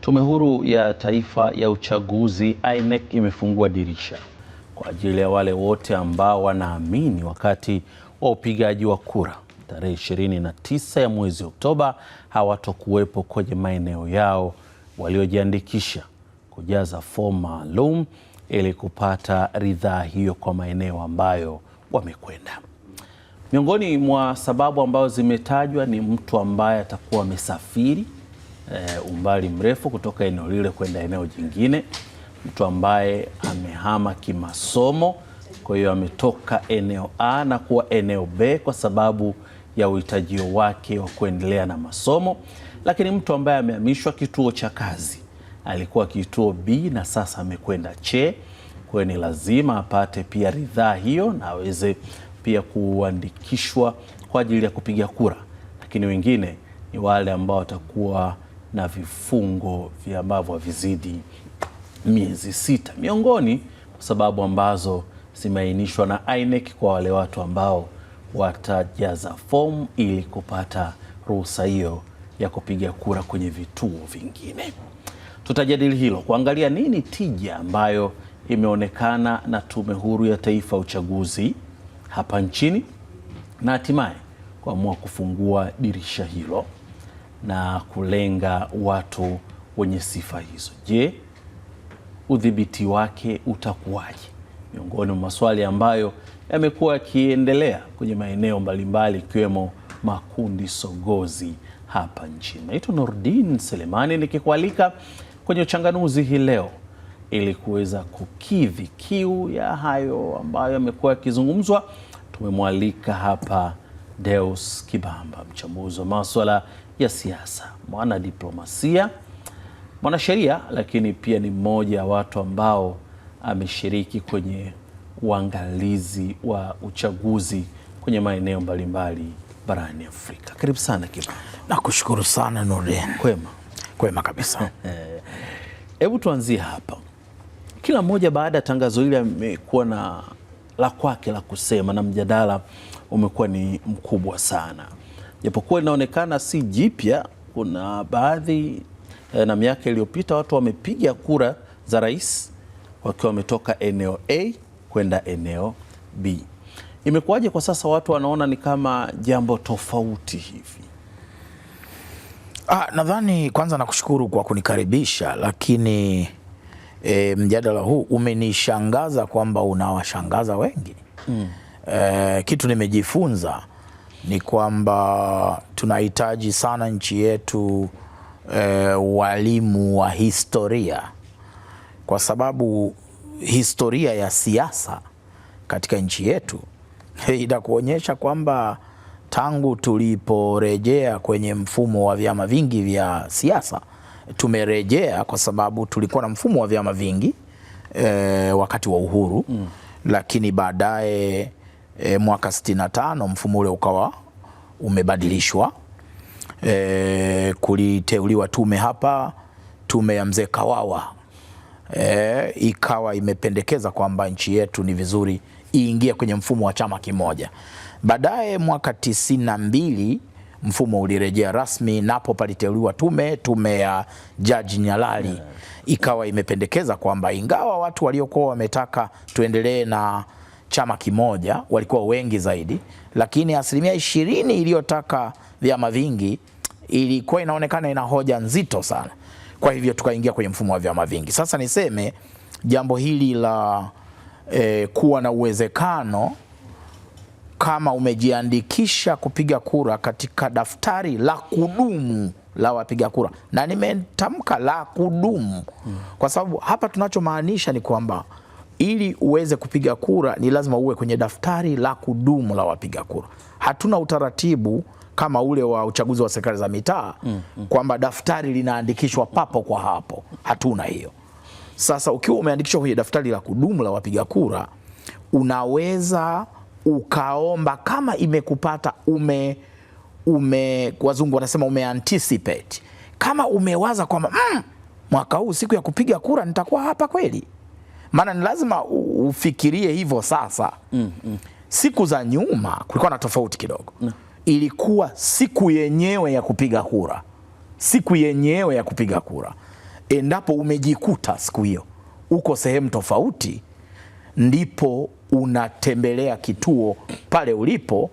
Tume Huru ya Taifa ya Uchaguzi INEC imefungua dirisha kwa ajili ya wale wote ambao wanaamini wakati wa upigaji wa kura tarehe 29 ya mwezi Oktoba hawatokuwepo kwenye maeneo yao waliojiandikisha kujaza fomu maalum ili kupata ridhaa hiyo kwa maeneo ambayo wamekwenda. Miongoni mwa sababu ambazo zimetajwa ni mtu ambaye atakuwa amesafiri e, umbali mrefu kutoka eneo lile kwenda eneo jingine, mtu ambaye amehama kimasomo, kwa hiyo ametoka eneo A na kuwa eneo B kwa sababu ya uhitaji wake wa kuendelea na masomo. Lakini mtu ambaye amehamishwa kituo cha kazi, alikuwa kituo B na sasa amekwenda che, kwa hiyo ni lazima apate pia ridhaa hiyo na aweze pia kuandikishwa kwa ajili ya kupiga kura. Lakini wengine ni wale ambao watakuwa na vifungo vya ambavyo havizidi miezi sita, miongoni kwa sababu ambazo zimeainishwa na INEC kwa wale watu ambao watajaza fomu ili kupata ruhusa hiyo ya kupiga kura kwenye vituo vingine. Tutajadili hilo kuangalia nini tija ambayo imeonekana na Tume Huru ya Taifa ya Uchaguzi hapa nchini na hatimaye kuamua kufungua dirisha hilo na kulenga watu wenye sifa hizo. Je, udhibiti wake utakuwaje? Miongoni mwa maswali ambayo yamekuwa yakiendelea kwenye maeneo mbalimbali ikiwemo makundi sogozi hapa nchini. Naitwa Nordin Selemani nikikualika kwenye uchanganuzi hii leo ili kuweza kukidhi kiu ya hayo ambayo yamekuwa yakizungumzwa. Tumemwalika hapa Deus Kibamba, mchambuzi wa maswala ya siasa, mwana diplomasia, mwanasheria, lakini pia ni mmoja wa watu ambao ameshiriki kwenye uangalizi wa uchaguzi kwenye maeneo mbalimbali barani Afrika. Karibu sana Kiba. Nakushukuru sana Nurdin. Kwema, kwema kabisa. Hebu tuanzie hapa. Kila mmoja baada ya tangazo hili amekuwa na la kwake la kusema na mjadala umekuwa ni mkubwa sana japokuwa linaonekana si jipya. Kuna baadhi eh, na miaka iliyopita watu wamepiga kura za rais wakiwa wametoka eneo A kwenda eneo B. Imekuwaje kwa sasa watu wanaona ni kama jambo tofauti hivi? Ah, nadhani kwanza nakushukuru kwa kunikaribisha, lakini e, mjadala huu umenishangaza kwamba unawashangaza wengi mm. E, kitu nimejifunza ni kwamba tunahitaji sana nchi yetu e, walimu wa historia, kwa sababu historia ya siasa katika nchi yetu itakuonyesha kwamba tangu tuliporejea kwenye mfumo wa vyama vingi vya siasa tumerejea kwa sababu tulikuwa na mfumo wa vyama vingi e, wakati wa uhuru mm. Lakini baadaye e, mwaka 65 mfumo ule ukawa umebadilishwa e, kuliteuliwa tume hapa, tume ya mzee Kawawa e, ikawa imependekeza kwamba nchi yetu ni vizuri iingie kwenye mfumo wa chama kimoja. Baadaye mwaka tisini na mbili mfumo ulirejea rasmi, napo paliteuliwa tume, tume ya Jaji Nyalali ikawa imependekeza kwamba ingawa watu waliokuwa wametaka tuendelee na chama kimoja, walikuwa wengi zaidi, lakini asilimia ishirini iliyotaka vyama vingi ilikuwa inaonekana ina hoja nzito sana. Kwa hivyo tukaingia kwenye mfumo wa vyama vingi. Sasa niseme jambo hili la e, kuwa na uwezekano kama umejiandikisha kupiga kura katika daftari la kudumu la wapiga kura, na nimetamka la kudumu, hmm. kwa sababu hapa tunachomaanisha ni kwamba ili uweze kupiga kura ni lazima uwe kwenye daftari la kudumu la wapiga kura. Hatuna utaratibu kama ule wa uchaguzi wa serikali za mitaa mm, mm. kwamba daftari linaandikishwa papo kwa hapo, hatuna hiyo. Sasa ukiwa umeandikishwa kwenye daftari la kudumu la wapiga kura, unaweza ukaomba kama imekupata ume, ume wazungu wanasema ume anticipate, kama umewaza kwamba mm, mwaka huu siku ya kupiga kura nitakuwa hapa kweli maana ni lazima ufikirie hivyo sasa. mm, mm. Siku za nyuma kulikuwa na tofauti kidogo mm. Ilikuwa siku yenyewe ya kupiga kura, siku yenyewe ya kupiga kura, endapo umejikuta siku hiyo uko sehemu tofauti, ndipo unatembelea kituo pale ulipo,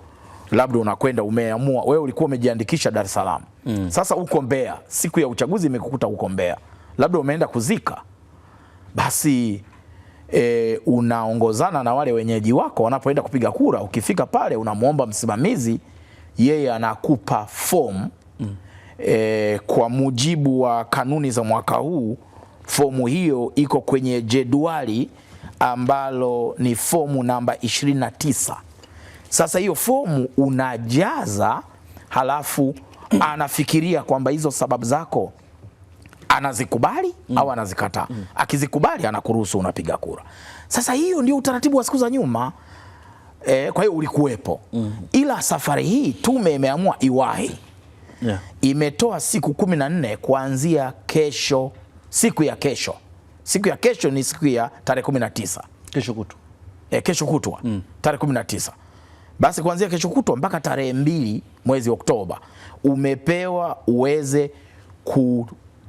labda unakwenda umeamua, wewe ulikuwa umejiandikisha Dar es Salaam mm. Sasa uko Mbeya, siku ya uchaguzi imekukuta uko Mbeya, labda umeenda kuzika, basi e, unaongozana na wale wenyeji wako wanapoenda kupiga kura. Ukifika pale unamwomba msimamizi, yeye anakupa fomu mm. E, kwa mujibu wa kanuni za mwaka huu fomu hiyo iko kwenye jedwali ambalo ni fomu namba 29. Sasa hiyo fomu unajaza, halafu anafikiria kwamba hizo sababu zako anazikubali mm. au anazikataa mm. Akizikubali anakuruhusu unapiga kura. Sasa hiyo ndio utaratibu wa siku za nyuma e, kwa hiyo ulikuwepo mm. Ila safari hii tume imeamua iwahi yeah. Imetoa siku kumi na nne kuanzia kesho, siku ya kesho. Siku ya kesho ni siku ya tarehe kumi na tisa kesho kutwa e, kesho kutwa mm. tarehe kumi na tisa basi kuanzia kesho kutwa mpaka tarehe mbili mwezi Oktoba umepewa uweze ku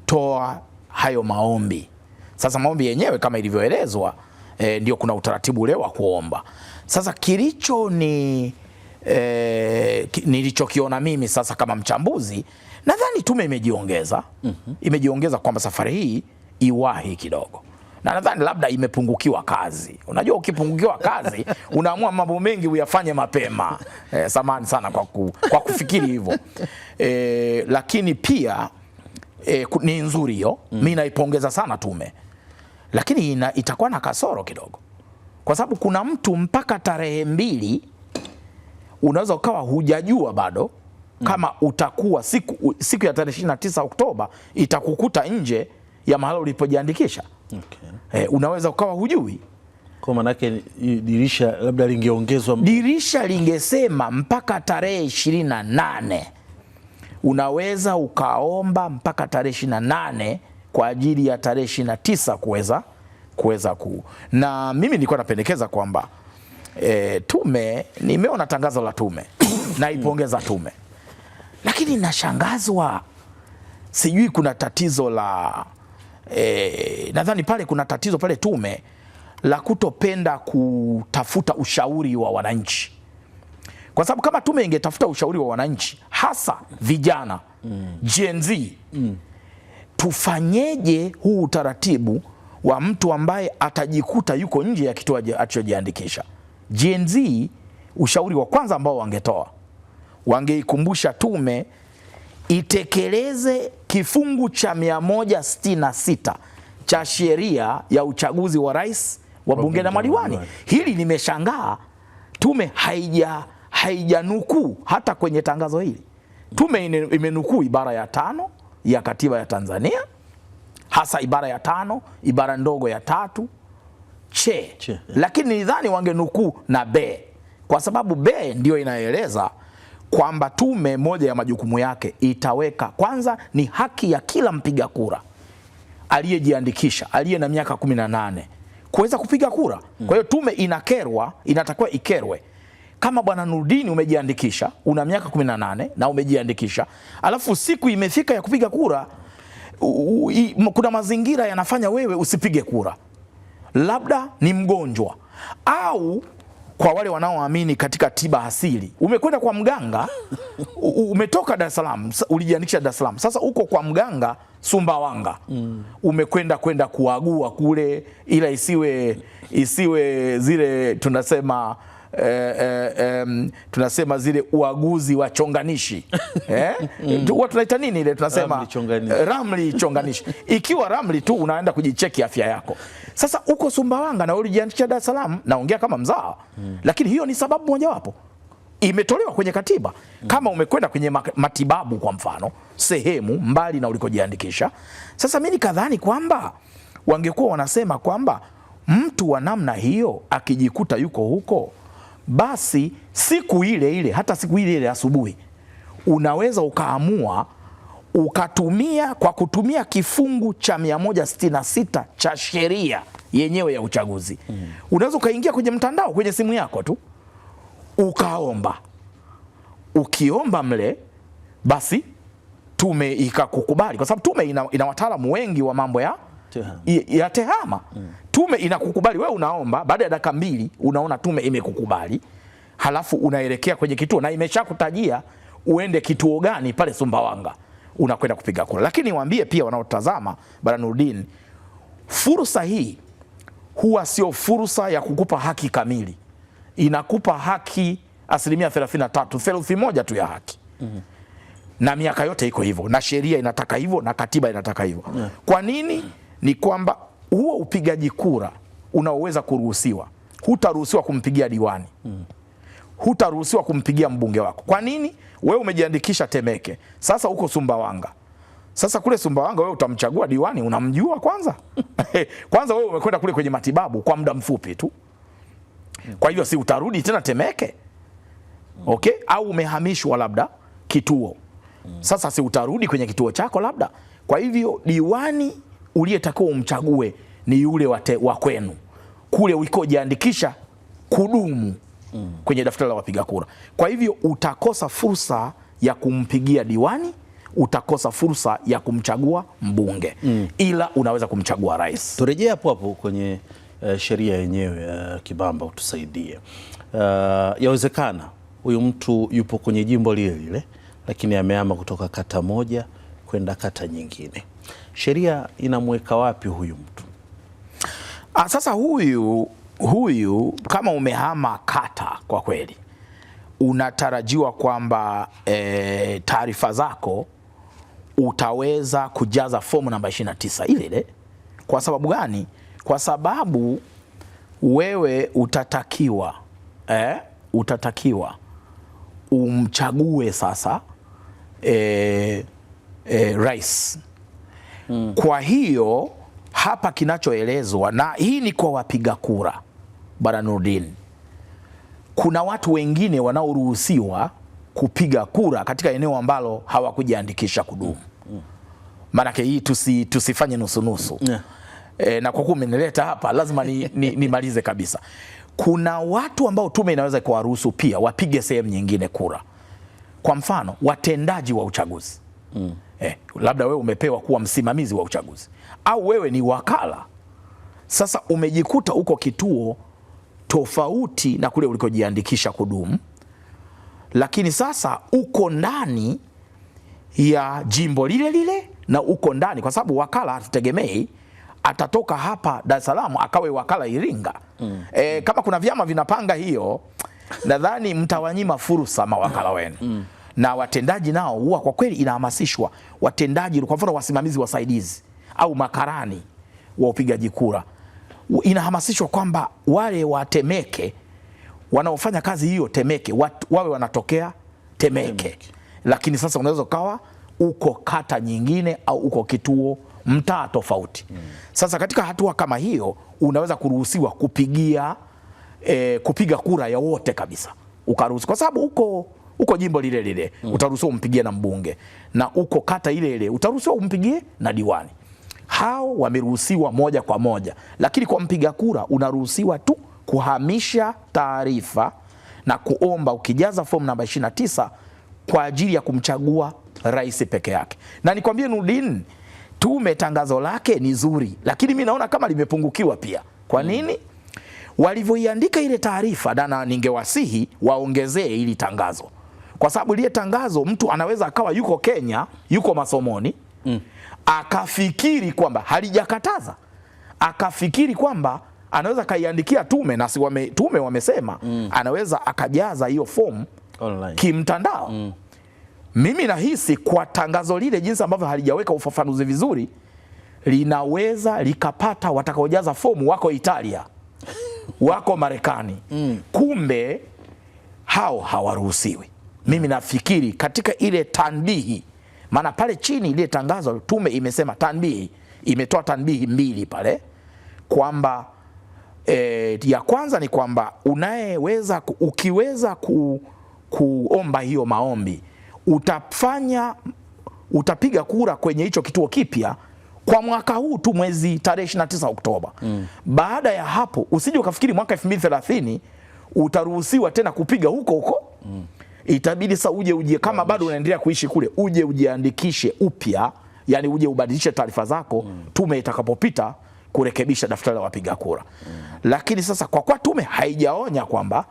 kutoa hayo maombi. Sasa maombi yenyewe kama ilivyoelezwa e, ndio kuna utaratibu ule wa kuomba. Sasa kilicho ni e, nilichokiona mimi sasa kama mchambuzi, nadhani tume imejiongeza mm -hmm. Imejiongeza kwamba safari hii iwahi kidogo na nadhani labda imepungukiwa kazi. Unajua, ukipungukiwa kazi unaamua mambo mengi uyafanye mapema. Eh, samahani sana kwa, ku, kwa kufikiri hivyo eh, lakini pia e, ni nzuri hiyo mm. Mimi naipongeza sana tume, lakini ina, itakuwa na kasoro kidogo, kwa sababu kuna mtu mpaka tarehe mbili unaweza ukawa hujajua bado mm. kama utakuwa siku, siku ya tarehe 29 Oktoba itakukuta nje ya mahala ulipojiandikisha. Okay. E, unaweza ukawa hujui kwa manake dirisha labda lingeongezwa, dirisha lingesema mpaka tarehe 28 unaweza ukaomba mpaka tarehe ishirini na nane kwa ajili ya tarehe ishirini na tisa kuweza kuweza ku na mimi nilikuwa napendekeza kwamba e, tume nimeona tangazo la tume naipongeza tume, lakini nashangazwa, sijui kuna tatizo la e, nadhani pale kuna tatizo pale tume la kutopenda kutafuta ushauri wa wananchi kwa sababu kama tume ingetafuta ushauri wa wananchi hasa vijana mm. Gen Z mm. tufanyeje huu utaratibu wa mtu ambaye atajikuta yuko nje ya kituo alichojiandikisha. Gen Z, ushauri wa kwanza ambao wangetoa, wangeikumbusha tume itekeleze kifungu cha 166 cha sheria ya uchaguzi wa rais, wa bunge na madiwani. Hili nimeshangaa tume haija haijanukuu hata kwenye tangazo hili. Tume imenukuu ibara ya tano ya katiba ya Tanzania, hasa ibara ya tano ibara ndogo ya tatu che, che. Lakini nidhani wangenukuu na be, kwa sababu be ndiyo inaeleza kwamba tume, moja ya majukumu yake itaweka kwanza ni haki ya kila mpiga kura aliyejiandikisha aliye na miaka 18 kuweza kupiga kura. Mm. Kwa hiyo tume inakerwa, inatakiwa ikerwe kama bwana Nurdini umejiandikisha, una miaka 18 na umejiandikisha, alafu siku imefika ya kupiga kura, kuna mazingira yanafanya wewe usipige kura, labda ni mgonjwa au kwa wale wanaoamini katika tiba asili, umekwenda kwa mganga, umetoka Dar es Salaam, ulijiandikisha Dar es Salaam, sasa uko kwa mganga Sumbawanga, mm. umekwenda kwenda kuagua kule, ila isiwe isiwe zile tunasema eh, eh, tunasema zile uaguzi wa chonganishi eh? huwa tunaita nini ile tunasema ramli chonganishi, eh, ramli chonganishi. ikiwa ramli tu unaenda kujicheki afya yako. Sasa uko Sumbawanga na ulijiandikisha Dar es Salaam, naongea kama mzawa mm. lakini hiyo ni sababu mojawapo imetolewa kwenye katiba. Hmm. Kama umekwenda kwenye matibabu kwa mfano sehemu mbali na ulikojiandikisha. Sasa mimi nikadhani kwamba wangekuwa wanasema kwamba mtu wa namna hiyo akijikuta yuko huko basi siku ile ile, hata siku ile ile asubuhi, unaweza ukaamua ukatumia kwa kutumia kifungu cha 166 cha sheria yenyewe ya uchaguzi mm. Unaweza ukaingia kwenye mtandao kwenye simu yako tu ukaomba. Ukiomba mle, basi tume ikakukubali, kwa sababu tume ina, ina wataalamu wengi wa mambo ya ya tehama. Mm. Tume inakukubali wewe, unaomba baada ya dakika mbili unaona tume imekukubali, halafu unaelekea kwenye kituo na imeshakutajia uende kituo gani pale Sumbawanga unakwenda kupiga kura. Lakini niwaambie pia wanaotazama Bwana Nurdin, fursa hii huwa sio fursa ya kukupa haki kamili, inakupa haki asilimia 33, theluthi moja tu ya haki mm -hmm. na miaka yote iko hivyo, na sheria inataka hivyo, na katiba inataka hivyo yeah. Kwa nini ni kwamba huo upigaji kura unaoweza kuruhusiwa, hutaruhusiwa kumpigia diwani mm. hutaruhusiwa kumpigia mbunge wako. Kwa nini? Wewe umejiandikisha Temeke, sasa uko Sumbawanga. Sasa kule Sumbawanga wewe utamchagua diwani, unamjua kwanza? kwanza wewe umekwenda kule kwenye matibabu kwa muda mfupi tu, kwa hivyo si utarudi tena Temeke? Okay, au umehamishwa labda kituo, mm. sasa si utarudi kwenye kituo chako labda. Kwa hivyo diwani uliyetakiwa umchague ni yule wa kwenu kule ulikojiandikisha kudumu mm. kwenye daftari la wapiga kura. Kwa hivyo utakosa fursa ya kumpigia diwani, utakosa fursa ya kumchagua mbunge mm. ila unaweza kumchagua rais. Turejea hapo hapo kwenye uh, sheria yenyewe uh, Kibamba, utusaidie uh, yawezekana huyu mtu yupo kwenye jimbo lile lile, lakini ameama kutoka kata moja kwenda kata nyingine sheria inamweka wapi huyu mtu? Ah, sasa huyu huyu kama umehama kata kwa kweli unatarajiwa kwamba e, taarifa zako utaweza kujaza fomu namba 29 ile ile. Kwa sababu gani? Kwa sababu wewe utatakiwa eh, utatakiwa umchague sasa eh, eh, rais kwa hiyo hapa kinachoelezwa na hii ni kwa wapiga kura Bwana Nurdin, kuna watu wengine wanaoruhusiwa kupiga kura katika eneo ambalo hawakujiandikisha kudumu Maanake hii tusi, tusifanye nusunusu yeah. E, na kwa kuwa umenileta hapa lazima nimalize ni, ni kabisa. Kuna watu ambao tume inaweza kuwaruhusu pia wapige sehemu nyingine kura, kwa mfano watendaji wa uchaguzi mm eh, labda wewe umepewa kuwa msimamizi wa uchaguzi au wewe ni wakala. Sasa umejikuta uko kituo tofauti na kule ulikojiandikisha kudumu, lakini sasa uko ndani ya jimbo lile lile na uko ndani, kwa sababu wakala hatutegemei atatoka hapa Dar es Salaam akawe wakala Iringa. mm. E, kama kuna vyama vinapanga hiyo, nadhani mtawanyima fursa mawakala wenu. mm na watendaji nao huwa kwa kweli inahamasishwa watendaji, kwa mfano wasimamizi wasaidizi au makarani wa upigaji kura, inahamasishwa kwamba wale watemeke wanaofanya kazi hiyo Temeke wat, wawe wanatokea Temeke, Temeke. Lakini sasa unaweza ukawa uko kata nyingine au uko kituo mtaa tofauti hmm. Sasa katika hatua kama hiyo unaweza kuruhusiwa kupigia e, kupiga kura ya wote kabisa ukaruhusi, kwa sababu uko uko jimbo lile lile mm. utaruhusiwa umpigie na mbunge, na uko kata ile ile utaruhusiwa umpigie na diwani. Hao wameruhusiwa moja kwa moja, lakini kwa mpiga kura unaruhusiwa tu kuhamisha taarifa na kuomba ukijaza fomu namba 29 kwa ajili ya kumchagua rais peke yake. Na nikwambie Nurdin, tume tangazo lake ni zuri, lakini mi naona kama limepungukiwa pia. Kwa mm. nini? mm. walivyoiandika ile taarifa, na ningewasihi waongezee ili tangazo kwa sababu lile tangazo mtu anaweza akawa yuko Kenya, yuko masomoni mm. akafikiri kwamba halijakataza, akafikiri kwamba anaweza akaiandikia tume na si wame, tume wamesema mm. anaweza akajaza hiyo fomu kimtandao mm. Mimi nahisi kwa tangazo lile jinsi ambavyo halijaweka ufafanuzi vizuri, linaweza likapata watakaojaza fomu wako Italia, wako Marekani mm. kumbe hao hawaruhusiwi mimi nafikiri katika ile tanbihi, maana pale chini ile tangazo tume imesema tanbihi, imetoa tanbihi mbili pale kwamba e, ya kwanza ni kwamba unayeweza ukiweza ku, kuomba hiyo maombi utafanya utapiga kura kwenye hicho kituo kipya kwa mwaka huu tu mwezi tarehe 29 Oktoba. Mm. Baada ya hapo usije ukafikiri mwaka 2030 utaruhusiwa tena kupiga huko huko. Mm itabidi sasa uje uje kama bado unaendelea kuishi kule uje ujiandikishe upya, yani uje ubadilishe taarifa zako mm. tume itakapopita kurekebisha daftari la wapiga kura mm. Lakini sasa kwa kwa tume haijaonya kwamba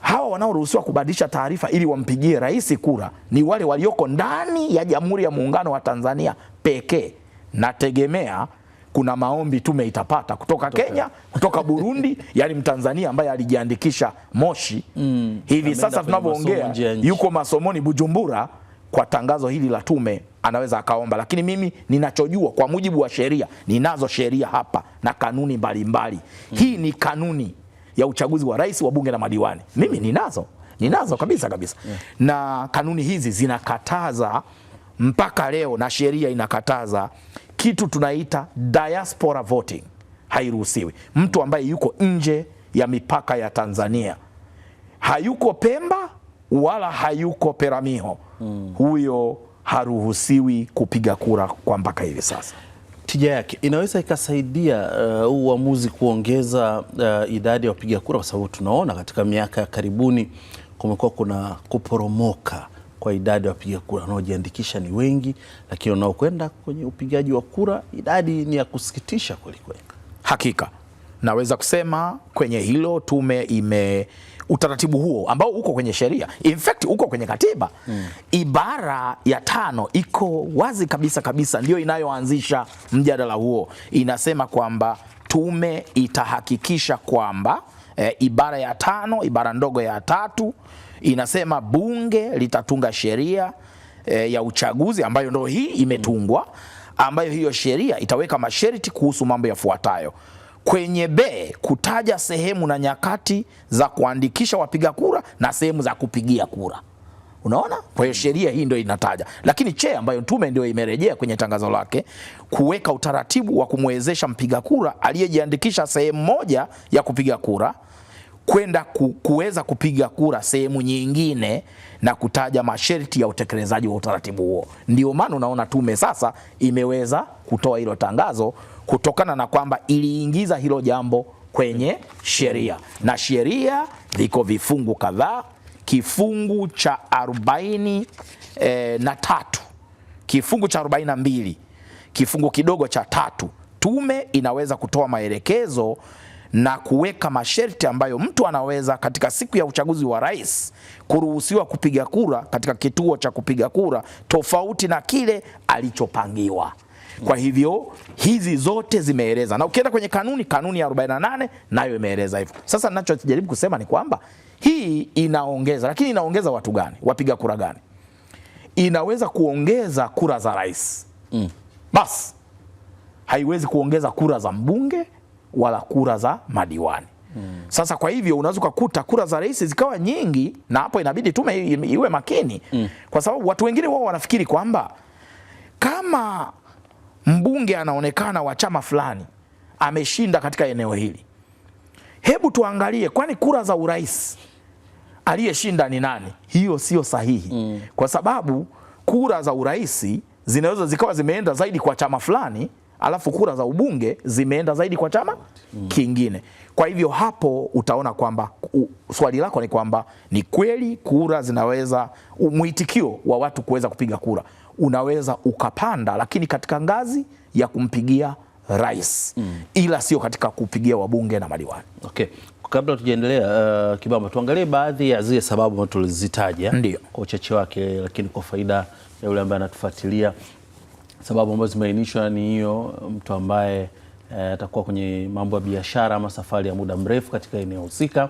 hawa wanaoruhusiwa kubadilisha taarifa ili wampigie rais kura ni wale walioko ndani ya Jamhuri ya Muungano wa Tanzania pekee, nategemea kuna maombi tume itapata kutoka Toka. Kenya, kutoka Burundi yani Mtanzania ambaye alijiandikisha Moshi mm, hivi sasa tunavyoongea yuko masomoni Bujumbura kwa tangazo hili la tume anaweza akaomba, lakini mimi ninachojua kwa mujibu wa sheria, ninazo sheria hapa na kanuni mbalimbali mm. Hii ni kanuni ya uchaguzi wa rais wa bunge na madiwani, mimi ninazo ninazo kabisa kabisa yeah. Na kanuni hizi zinakataza mpaka leo na sheria inakataza kitu tunaita diaspora voting hairuhusiwi. Mtu ambaye yuko nje ya mipaka ya Tanzania, hayuko Pemba wala hayuko Peramiho, hmm. huyo haruhusiwi kupiga kura kwa mpaka hivi sasa. Tija yake inaweza ikasaidia uh, huu uh, uamuzi kuongeza uh, idadi ya wapiga kura, kwa sababu tunaona katika miaka ya karibuni kumekuwa kuna kuporomoka kwa idadi ya wapiga kura wanaojiandikisha ni wengi, lakini wanaokwenda kwenye upigaji wa kura idadi ni ya kusikitisha kwelikweli. Hakika naweza kusema kwenye hilo tume ime utaratibu huo ambao uko kwenye sheria, in fact uko kwenye katiba mm. Ibara ya tano iko wazi kabisa kabisa, ndio inayoanzisha mjadala huo, inasema kwamba tume itahakikisha kwamba e, ibara ya tano ibara ndogo ya tatu inasema bunge litatunga sheria e, ya uchaguzi ambayo ndio hii imetungwa, ambayo hiyo sheria itaweka masharti kuhusu mambo yafuatayo kwenye be kutaja sehemu na nyakati za kuandikisha wapiga kura na sehemu za kupigia kura. Unaona, kwa hiyo sheria hii ndio inataja, lakini che ambayo tume ndio imerejea kwenye tangazo lake kuweka utaratibu wa kumwezesha mpiga kura aliyejiandikisha sehemu moja ya kupiga kura kwenda kuweza kupiga kura sehemu nyingine na kutaja masharti ya utekelezaji wa utaratibu huo. Ndio maana unaona tume sasa imeweza kutoa hilo tangazo kutokana na kwamba iliingiza hilo jambo kwenye sheria, na sheria liko vifungu kadhaa kifungu cha 40 e, eh, na tatu kifungu cha 42 kifungu kidogo cha tatu, tume inaweza kutoa maelekezo na kuweka masharti ambayo mtu anaweza katika siku ya uchaguzi wa rais kuruhusiwa kupiga kura katika kituo cha kupiga kura tofauti na kile alichopangiwa. Kwa hivyo hizi zote zimeeleza, na ukienda kwenye kanuni, kanuni ya 48 nayo imeeleza hivyo. Sasa ninachojaribu kusema ni kwamba hii inaongeza, lakini inaongeza watu gani? Wapiga kura gani? Inaweza kuongeza kura za rais mm. Basi haiwezi kuongeza kura za mbunge wala kura za madiwani mm. Sasa kwa hivyo unaweza ukakuta kura za rais zikawa nyingi, na hapo inabidi tume iwe makini mm. kwa sababu watu wengine wao wanafikiri kwamba kama mbunge anaonekana wa chama fulani ameshinda katika eneo hili. Hebu tuangalie, kwani kura za urais aliyeshinda ni nani? Hiyo sio sahihi mm. kwa sababu kura za urais zinaweza zikawa zimeenda zaidi kwa chama fulani, alafu kura za ubunge zimeenda zaidi kwa chama mm. kingine. Kwa hivyo hapo utaona kwamba swali lako ni kwamba ni kweli kura zinaweza, mwitikio wa watu kuweza kupiga kura unaweza ukapanda, lakini katika ngazi ya kumpigia rais mm. ila sio katika kupigia wabunge na madiwani. Okay. Kabla tujaendelea, uh, Kibamba, tuangalie baadhi ya zile sababu tulizitaja kwa uchache wake, lakini kwa faida ya yule ambaye anatufuatilia, sababu ambazo zimeainishwa ni hiyo, mtu ambaye eh, atakuwa uh, kwenye mambo ya biashara ama safari ya muda mrefu katika eneo husika,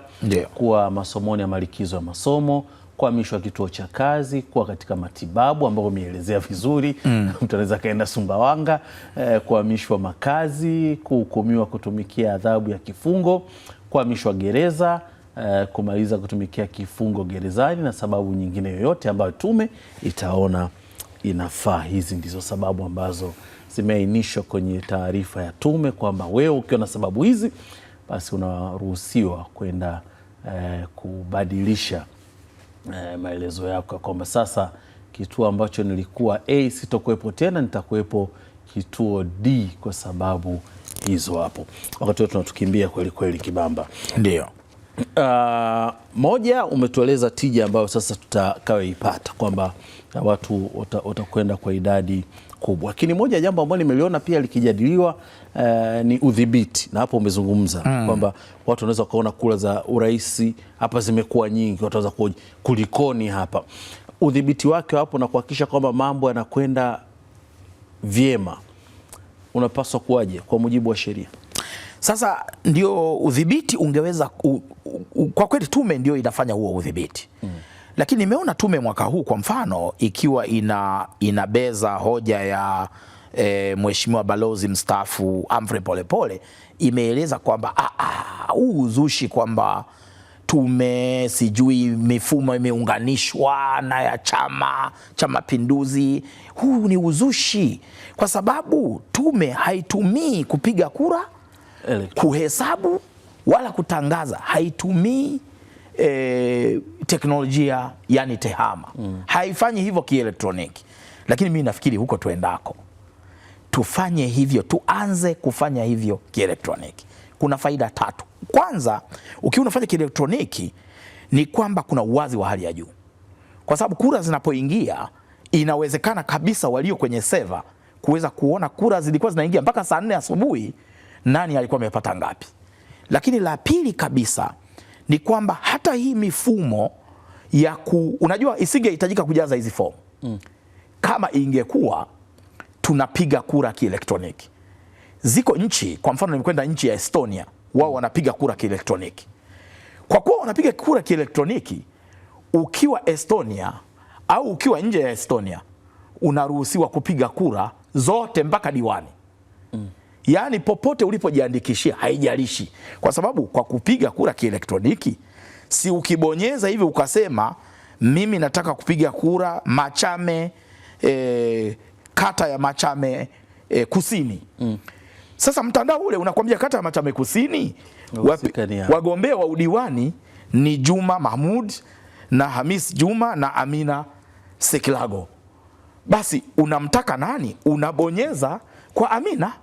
kuwa masomoni ama likizo ya masomo kuhamishwa kituo cha kazi, kuwa katika matibabu ambayo umeelezea vizuri mm. mtu anaweza akaenda Sumbawanga eh, kuhamishwa makazi, kuhukumiwa kutumikia adhabu ya kifungo, kuhamishwa gereza eh, kumaliza kutumikia kifungo gerezani na sababu nyingine yoyote ambayo tume itaona inafaa. Hizi ndizo sababu ambazo zimeainishwa kwenye taarifa ya tume kwamba wewe ukiwa na sababu hizi basi unaruhusiwa kwenda eh, kubadilisha eh, maelezo yako kwamba sasa kituo ambacho nilikuwa A sitokuwepo tena, nitakuwepo kituo D kwa sababu hizo hapo. Wakati huo tunatukimbia kweli kweli kibamba, ndio. Uh, moja umetueleza tija ambayo sasa tutakayoipata kwamba watu watakwenda kwa idadi makubwa. Lakini moja ya jambo ambalo nimeliona pia likijadiliwa uh, ni udhibiti, na hapo umezungumza mm. kwamba watu wanaweza wakaona kura za urais hapa zimekuwa nyingi, watu wanaweza kulikoni hapa udhibiti wake hapo na kuhakikisha kwamba mambo yanakwenda vyema unapaswa kuwaje kwa mujibu wa sheria? Sasa ndio udhibiti ungeweza u, u, kwa kweli tume ndio inafanya huo udhibiti mm. Lakini nimeona tume mwaka huu kwa mfano ikiwa ina inabeza hoja ya e, mheshimiwa balozi mstaafu Humphrey Polepole, imeeleza kwamba ah, ah, huu uzushi kwamba tume sijui mifumo imeunganishwa na ya Chama cha Mapinduzi, huu ni uzushi, kwa sababu tume haitumii kupiga kura, kuhesabu wala kutangaza, haitumii e, teknolojia yani tehama mm. haifanyi hivyo kielektroniki, lakini mi nafikiri huko tuendako tufanye hivyo, tuanze kufanya hivyo kielektroniki. Kuna faida tatu. Kwanza, ukiwa unafanya kielektroniki ni kwamba kuna uwazi wa hali ya juu, kwa sababu kura zinapoingia inawezekana kabisa walio kwenye seva kuweza kuona kura zilikuwa zinaingia mpaka saa nne asubuhi, nani alikuwa amepata ngapi. Lakini la pili kabisa ni kwamba hata hii mifumo ya ku, unajua isingehitajika kujaza hizi fomu mm. kama ingekuwa tunapiga kura kielektroniki. Ziko nchi, kwa mfano nimekwenda nchi ya Estonia, wao wanapiga kura kielektroniki. Kwa kuwa wanapiga kura kielektroniki, ukiwa Estonia au ukiwa nje ya Estonia unaruhusiwa kupiga kura zote mpaka diwani mm yaani popote ulipojiandikishia, haijalishi, kwa sababu kwa kupiga kura kielektroniki, si ukibonyeza hivi ukasema mimi nataka kupiga kura Machame e, kata ya Machame e, kusini mm. Sasa mtandao ule unakwambia kata ya Machame kusini wagombea wa udiwani ni Juma Mahmud na Hamis Juma na Amina Sekilago. Basi unamtaka nani? Unabonyeza kwa Amina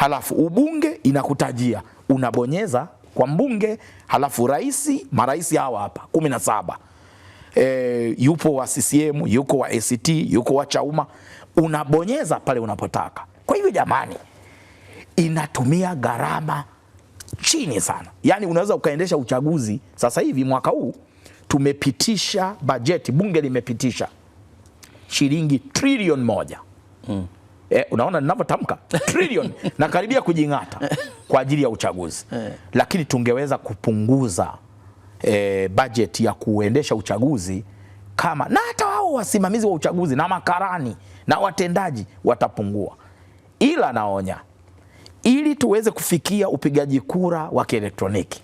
halafu ubunge inakutajia, unabonyeza kwa mbunge, halafu rais, marais hawa hapa kumi na saba e, yupo wa CCM, yuko wa ACT, yuko wa Chauma, unabonyeza pale unapotaka. Kwa hivyo jamani, inatumia gharama chini sana, yaani unaweza ukaendesha uchaguzi sasa hivi. Mwaka huu tumepitisha bajeti, bunge limepitisha shilingi trilioni moja mm eh, unaona ninavyotamka trillion na karibia kujing'ata kwa ajili ya uchaguzi eh. Lakini tungeweza kupunguza eh, budget ya kuendesha uchaguzi kama na hata wao wasimamizi wa uchaguzi na makarani na watendaji watapungua, ila naonya, ili tuweze kufikia upigaji kura wa kielektroniki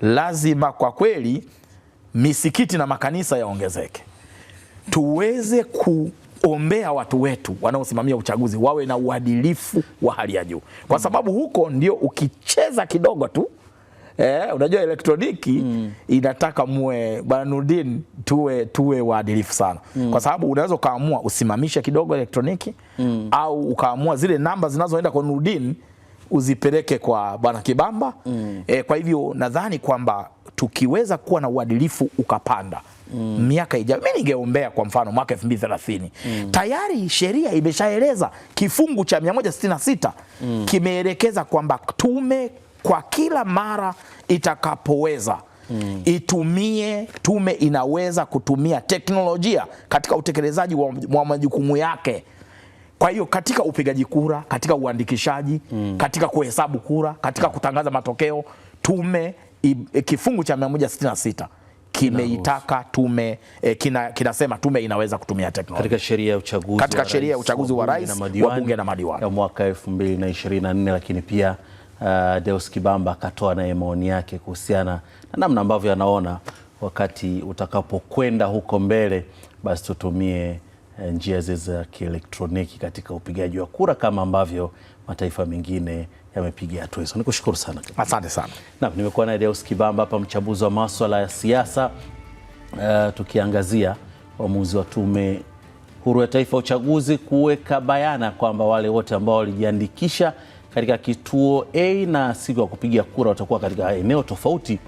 lazima kwa kweli misikiti na makanisa yaongezeke tuweze ku ombea watu wetu wanaosimamia uchaguzi wawe na uadilifu wa hali ya juu, kwa mm. sababu huko ndio ukicheza kidogo tu Eh, unajua elektroniki mm. inataka muwe Banudin, tuwe tuwe waadilifu sana mm. kwa sababu unaweza ukaamua usimamishe kidogo elektroniki mm. au ukaamua zile namba zinazoenda kwa Nurdin uzipeleke kwa Bwana Kibamba mm. eh, kwa hivyo nadhani kwamba tukiweza kuwa na uadilifu ukapanda mm. miaka ijayo. Mimi ningeombea kwa mfano mwaka 2030 mm. tayari sheria imeshaeleza kifungu cha 166 mm. kimeelekeza kwamba tume kwa kila mara itakapoweza Hmm. itumie tume inaweza kutumia teknolojia katika utekelezaji wa, wa majukumu yake. Kwa hiyo katika upigaji kura, katika uandikishaji hmm. katika kuhesabu kura, katika kutangaza matokeo, tume kifungu cha 166 kimeitaka tume e, kina, kinasema tume inaweza kutumia teknolojia katika sheria ya uchaguzi, katika sheria ya uchaguzi wa rais wa bunge na madiwani ya mwaka 2024 lakini pia Uh, Deus Kibamba akatoa naye maoni yake kuhusiana na namna ambavyo anaona wakati utakapokwenda huko mbele, basi tutumie eh, njia zile za kielektroniki katika upigaji wa kura kama ambavyo mataifa mengine yamepiga hatua hizo. Nikushukuru sana. Asante sana. Naam, nimekuwa naye Deus Kibamba hapa, mchambuzi wa maswala ya siasa uh, tukiangazia uamuzi wa Tume Huru ya Taifa ya Uchaguzi kuweka bayana kwamba wale wote ambao walijiandikisha katika kituo A na siku ya kupiga kura watakuwa katika eneo tofauti,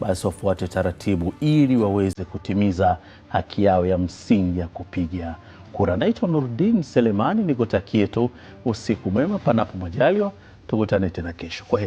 basi wafuate taratibu ili waweze kutimiza haki yao ya msingi ya kupiga kura. Naitwa Nurdin Selemani, nikutakie tu usiku mwema, panapo majaliwa tukutane tena kesho. Kwa